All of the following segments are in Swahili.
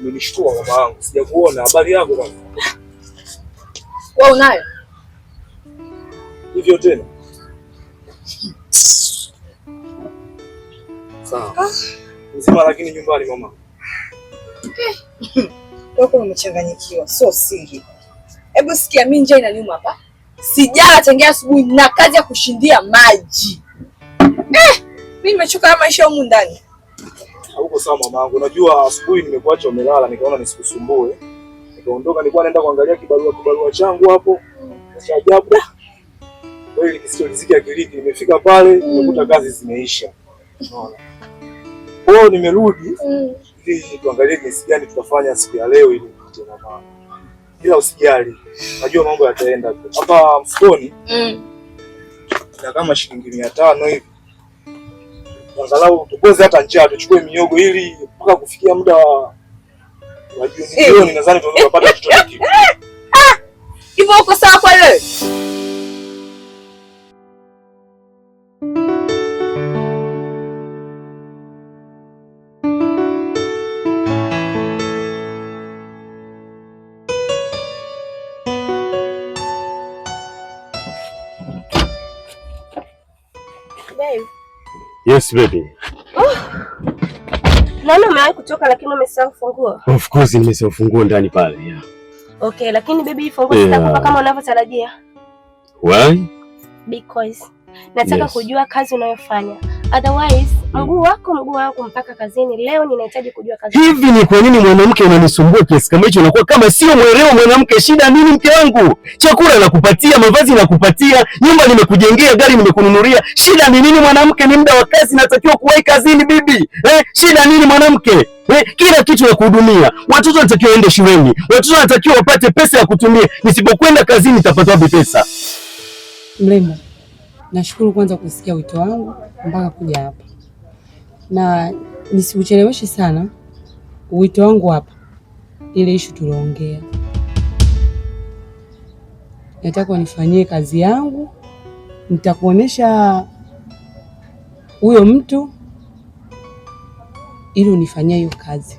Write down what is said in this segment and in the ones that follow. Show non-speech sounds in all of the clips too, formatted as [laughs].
Umenishtua mama wangu, sijakuona. Habari yako bwana? Wewe unayo hivyo tena? Sawa, mzima ah. lakini nyumbani mama [laughs] Wewe umechanganyikiwa, sio siri. Hebu sikia, mimi njaa inaniuma hapa, sijala tangia asubuhi na kazi ya kushindia maji eh, mimi nimechoka maisha humu ndani. Huko sawa mamangu, unajua asubuhi nimekuacha umelala, nikaona nisikusumbue, nikaondoka. Nilikuwa naenda kuangalia kibarua kibarua changu hapo cha ajabu kweli, kisichoriziki akiliki. Nimefika pale, mm. nimekuta kazi zimeisha, unaona kwao, nimerudi mm bidii tuangalie jinsi gani tutafanya siku ya leo ili tupate mama. Bila usijali, najua mambo yataenda tu. Hapa mfukoni mm. na kama shilingi mia tano hivi angalau tukoze hata njia tuchukue miogo ili mpaka kufikia muda wa jioni, nadhani tunaweza kupata [laughs] Ah, Hivyo uko sawa? Yes baby. Oh! Naona umewahi kutoka lakini umesahau funguo. Of course nimesahau funguo ndani pale. Yeah. Okay, lakini baby hii funguo yeah, sitakupa kama unavyotarajia. Why? Because nataka yes, kujua kazi unayofanya Otherwise, mm. mguu wako mguu wako mpaka kazini. Leo ninahitaji kujua kazi. Hivi ni kwa nini mwanamke unanisumbua kiasi kama hicho? Unakuwa kama sio mwelewa mwanamke. Shida nini mke wangu? Chakula nakupatia, mavazi nakupatia, nyumba nimekujengea, gari nimekununulia. Shida ni nini mwanamke? Ni muda wa kazi, natakiwa kuwahi kazini bibi. Eh, shida nini mwanamke? Eh, kila kitu ya kuhudumia. Watoto wanatakiwa waende shuleni. Watoto wanatakiwa wapate pesa ya kutumia. Nisipokwenda kazini nitapata wapi pesa? Mrembo, nashukuru kwanza kusikia wito wangu mpaka kuja hapa, na nisikucheleweshe sana. Wito wangu hapa, ile ishu tuliongea, nataka nifanyie kazi yangu, nitakuonesha huyo mtu ili unifanyia hiyo kazi.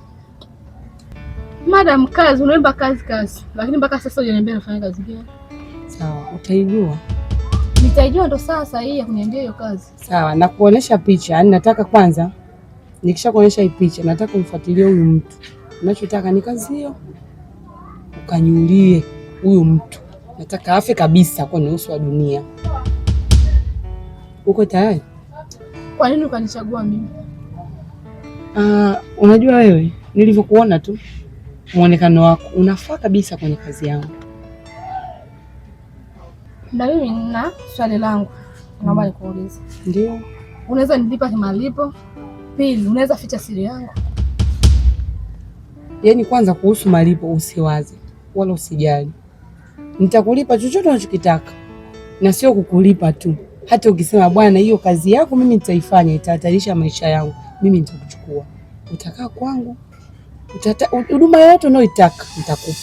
Madam, kazi unaomba kazi kazi, lakini mpaka sasa hujaniambia nifanye kazi gani. Sawa, utaijua nitaijua ndo saa hii ya kuniambia hiyo kazi. Sawa, na kuonesha picha, yaani nataka kwanza nikisha kuonesha hii picha, nataka umfuatilie huyu mtu. Nachotaka ni kazi hiyo, ukanyulie huyu mtu, nataka afe kabisa kwenye uso wa dunia. Uko tayari? Kwa nini ukanichagua mimi? Uh, unajua wewe nilivyokuona tu muonekano wako unafaa kabisa kwenye kazi yangu. Na mimi nina swali langu naomba mm. nikuulize. Ndio. Unaweza nilipa kimalipo? Pili, unaweza ficha siri yangu? Yaani kwanza kuhusu malipo usiwaze wala usijali. Nitakulipa chochote unachokitaka. Na sio kukulipa tu. Hata ukisema bwana, hiyo kazi yako mimi nitaifanya, itahatarisha maisha yangu, mimi nitakuchukua. Utakaa kwangu. Huduma yoyote unayoitaka nitakupa.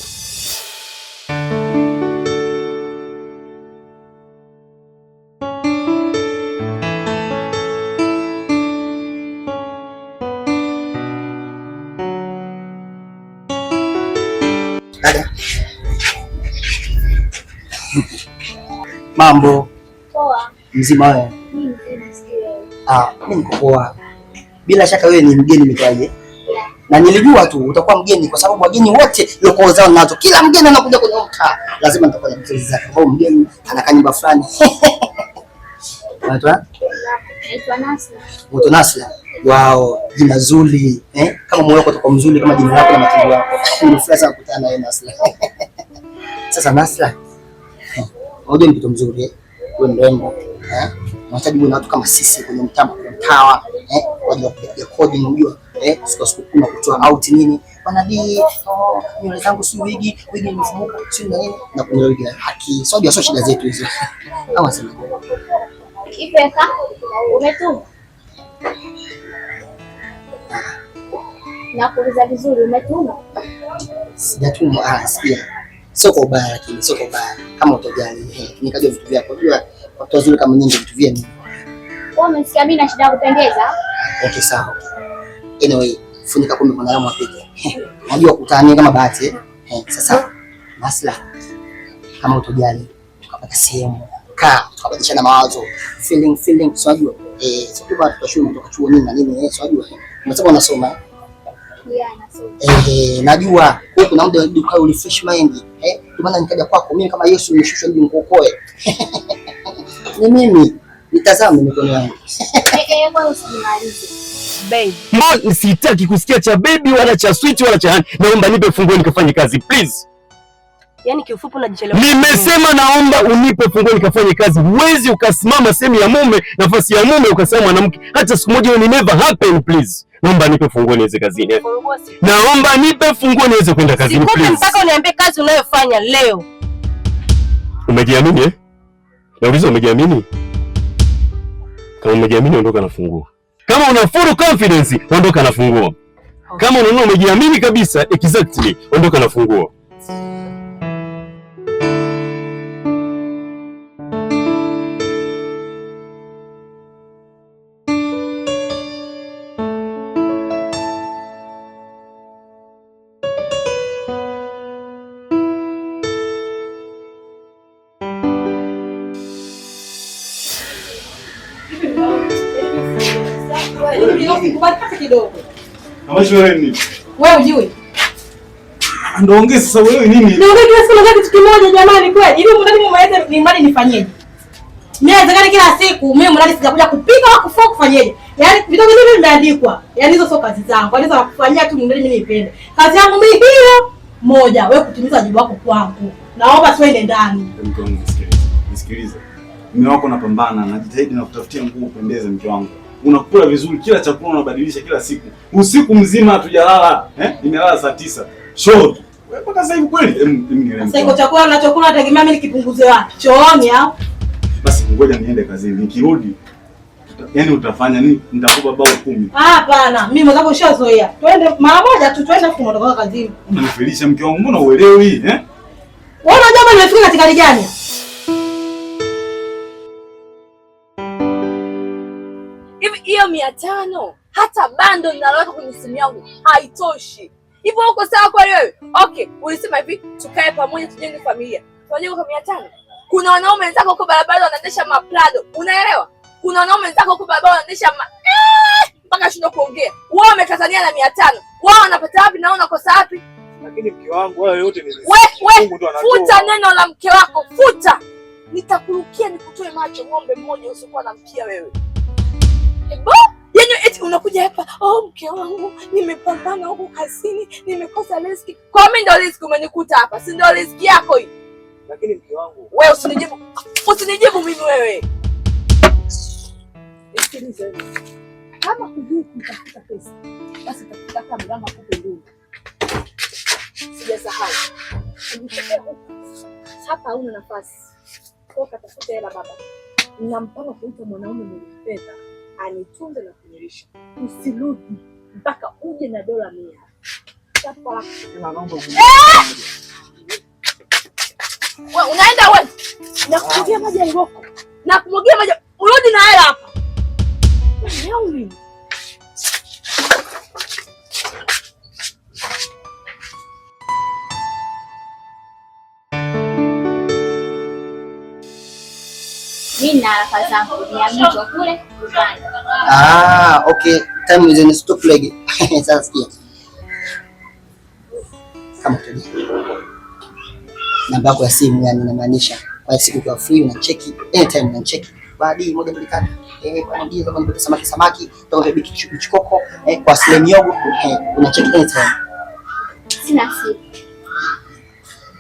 Mambo mzima wewe? Ah, mimi niko poa. Bila shaka wewe ni mgeni mitaje, na nilijua tu utakuwa mgeni kwa sababu wageni wote zao nazo, kila mgeni anakuja kwenye mtaa lazima nitakuwa na mzee zake, au mgeni anakaa nyumba fulani Moto [laughs] Nasla. Wao, jina zuri eh? Kama moyo wako utakuwa mzuri kama jina lako na matendo yako. Ni [laughs] Nilifurahi sana kukutana na Nasla. [laughs] Sasa Nasla Unajua ni kitu mzuri eh. wewe mrembo. Eh? Unahitaji mwana watu kama sisi kwenye mtaa kwa mtawa, eh? Kwa ajili ya kodi unajua, eh? Siku siku kuna kutoa out nini? Bana di oh, nywele zangu si wigi, wigi nimefumuka si na nini? Na kuna wigi ya haki. Sio jua sio shida zetu hizo. Kama sema. Ipeka umetu Na kuuliza vizuri umetuma? Sijatuma, ah, sikia sio kwa ubaya, lakini sio kwa ubaya kama utajali. Eh, Nikaja vitu vyako, unajua watu wazuri kama nyingi vitu vyenu. Wewe umesikia mimi na shida ya kupendeza? Okay, sawa. Anyway, funika kumbe kuna alama apige. [laughs] Najua kutani kama bahati eh. eh. Sasa masla kama utojali tukapata sehemu kaa tukabadilishana mawazo feeling feeling, sio unajua eh, sio tu bado tutashuhudia kutoka chuo nini na nini eh, sio unajua unasema unasoma Eh, najua kuna muda ukaa refresh mind. Eh, kwa maana nikaja kwako mimi kama Yesu nimeshushwa ili nikuokoe. [laughs] Ni mimi nitazame mikono yangu. Eh, kwa eh, usimalize. Babe, sitaki kusikia cha baby wala cha sweet wala cha hani. Naomba nipe funguo nikafanye kazi please. Yaani kiufupi unajichelewa. Nimesema naomba unipe funguo nikafanye kazi. Huwezi ukasimama sehemu ya mume, nafasi ya mume ukasema mwanamke. Hata siku moja, ni never happen please. Naomba nipe funguo niweze kazini. Naomba nipe funguo niweze kwenda kazini please. Nataka uniambie kazi unayofanya leo. Umejiamini eh? Nauliza umejiamini? Kama umejiamini ondoka na funguo. Kama una full confidence ondoka na funguo. Kama unaona umejiamini kabisa exactly ondoka na funguo. kidogo. Wewe ujui? Ndio ongea sasa wewe nini? Ndio ongea sasa kitu kimoja jamani kweli. Ili mradi mmoja ni mradi nifanyeje? Mimi nataka kila siku mimi mradi sijakuja kupika au kufua kufanyeje? Yaani vitu vingine vimeandikwa. Yaani hizo sio kazi zangu. Yaani za kufanyia tu mradi mimi nipende. Kazi yangu mimi hiyo moja, wewe kutimiza wajibu wako kwangu. Naomba tuende ndani. Nisikilize. Mume wako napambana, najitahidi na kutafutia nguo upendeze mke wangu unakula vizuri, kila chakula unabadilisha kila siku. Usiku mzima hatujalala eh, nimelala saa tisa show mpaka sasa hivi kweli. Sasa hiyo chakula unachokula nategemea mimi nikipunguze wapi? Chooni au basi, ngoja niende kazini, nikirudi yaani utafanya nini? Nitakupa bao kumi. Hapana, mimi mwenzako ushazoea, twende mara moja tu, twende huko, ndoka kazini. Unanifilisha mke wangu, mbona uelewi eh? Wewe unajua nimefika katika gani? hivi hiyo mia tano hata bando ninaloweka kwenye simu yangu haitoshi. Hivyo uko sawa kweli wewe? Okay, ulisema hivi tukae pamoja tujenge familia, tunajenga kwa mia tano. Kuna wanaume wenzako huko barabara wanaendesha maplado, unaelewa? Kuna wanaume wenzako huko barabara wanaendesha ma... Eh, mpaka shindwa kuongea. Wao wamekazania na mia tano, wao wanapata wapi na unakosa wapi? Lakini mke wangu wewe, yote ni wewe. Futa neno la mke wako, futa. Nitakurukia nikutoe macho ng'ombe mmoja usiokuwa na mkia wewe. Yaani eti unakuja hapa, oh, mke wangu nimepambana huku kazini, nimekosa riziki. Kwa mimi ndio riziki umenikuta hapa, si ndio riziki yako hii? Lakini mke wangu wewe, usinijibu usinijibu mimi wewe. Kama hapa, hauna nafasi. Katafuta hela baba, nina mpango kuita mwanaume mwenye fedha anitunze na kunilisha. Usirudi mpaka uje na dola mia. Unaenda wewe na kumwagia maji ya ngoko na kumwagia maji, urudi na hela hapa. mimi na fasaha ya mtu kule kupanda. Ah, okay. Time is in stop leg. [laughs] Namba yako ya simu yani inamaanisha kwa siku kwa free na cheki anytime na cheki. Baadhi moja mbili tatu. Eh, kwa ndio kama nipata samaki samaki, toka biki chukoko, eh kwa slim yogo, eh unacheki anytime. Sina simu.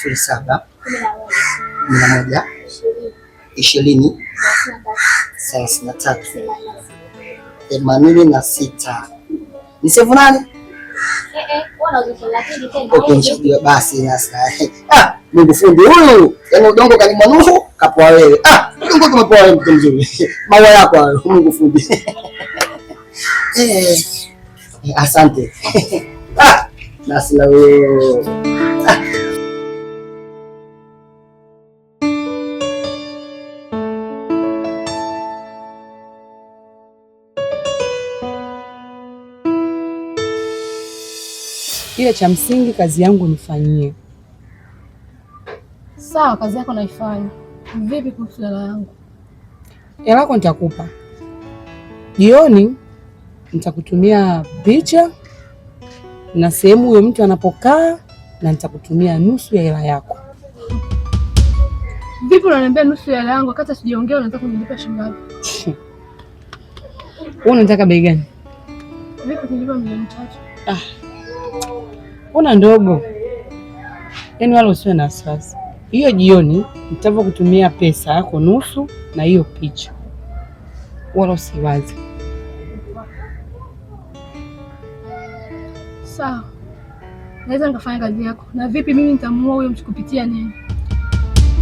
sifuri saba kumi na moja ishirini thelathini na tatu themanini na sita ni sevu nane. Nishajua basi sasa. [laughs] Ah, Mungu fundi huyu, yaani udongo kalimwa Nuhu, kapoa wewe. Ah, udongo tumepoa wewe, mtu mzuri. [laughs] Maua yako hayo, Mungu fundi. [laughs] Eh, eh, asante. Ah, nasi wewe. Ile cha msingi kazi yangu nifanyie. Sawa, kazi yako naifanya. Vipi kuhusu hela yangu? Hela yako nitakupa jioni, nitakutumia picha na sehemu huyo mtu anapokaa, na nitakutumia nusu ya hela yako. Vipi unaniambia nusu ya hela yangu wakati sijaongea? Unataka kunilipa shilingi ngapi? Wewe unataka bei gani? Vipi kunilipa milioni tatu? Ah. Una ndogo, yaani wala usiwe na wasiwasi. Hiyo jioni kutumia pesa yako nusu na hiyo picha, wala usiwazi. Sawa, naweza nikafanya kazi yako. Na vipi mimi nitamuua huyo mtu kupitia nini?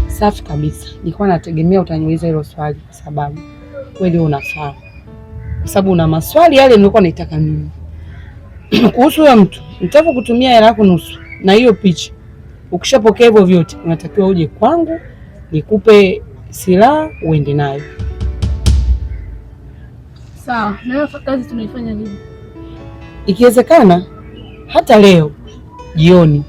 Safi kabisa. Nilikuwa nategemea utaniuliza hilo swali, kwa sababu wewe unafaa, kwa sababu una maswali yale nilikuwa naitaka mimi [clears throat] kuhusu huyo mtu Nitapo kutumia hela yako nusu na hiyo picha, ukishapokea hivyo vyote, unatakiwa uje kwangu nikupe silaha uende nayo. Sawa, na hiyo kazi tunaifanya lini? Ikiwezekana hata leo jioni.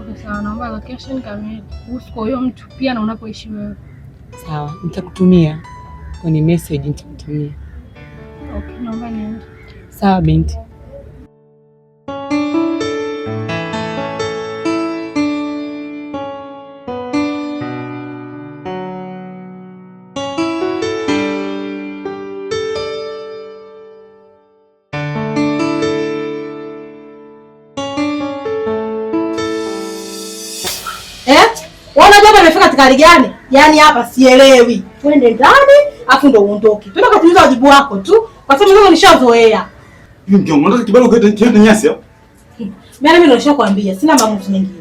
Okay, sawa, naomba location kamili kuhusu kwa huyo mtu pia na unapoishi wewe. Sawa, nitakutumia kwenye message nitakutumia. Okay, naomba niende. Sawa binti. amefika katika hali gani? Yaani hapa sielewi. Twende ndani afu ndo uondoke. Twende katimiza wajibu wako tu, kwa sababu mimi nishazoea. Ndio mwanzo kibalo kwa tena nyasi hapo. Hmm. Yaani mimi na mimi nishakwambia sina maamuzi mengine.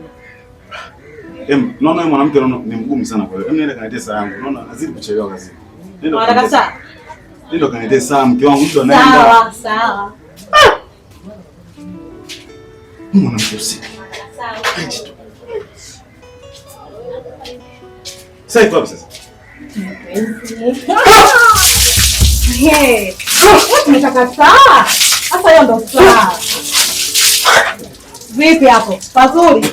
Em, naona wewe mwanamke naona ni mgumu sana kwa hiyo. Em, nenda kaniletea saa yangu. Naona nazidi kuchelewa kazi. Nenda. Nataka saa. Nenda kaniletea saa mke wangu mtu anaenda. Sawa, sawa. Ah! Mwanamke usiku. Sawa. Sasa iko wapi sasa? Sasa hiyo ndo Vipi hapo? Pazuri.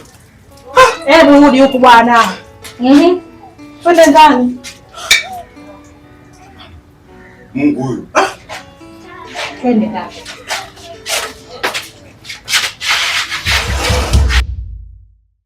Hebu rudi huku bwana. Mhm. Twende ndani. Mungu huyu. Twende ndani.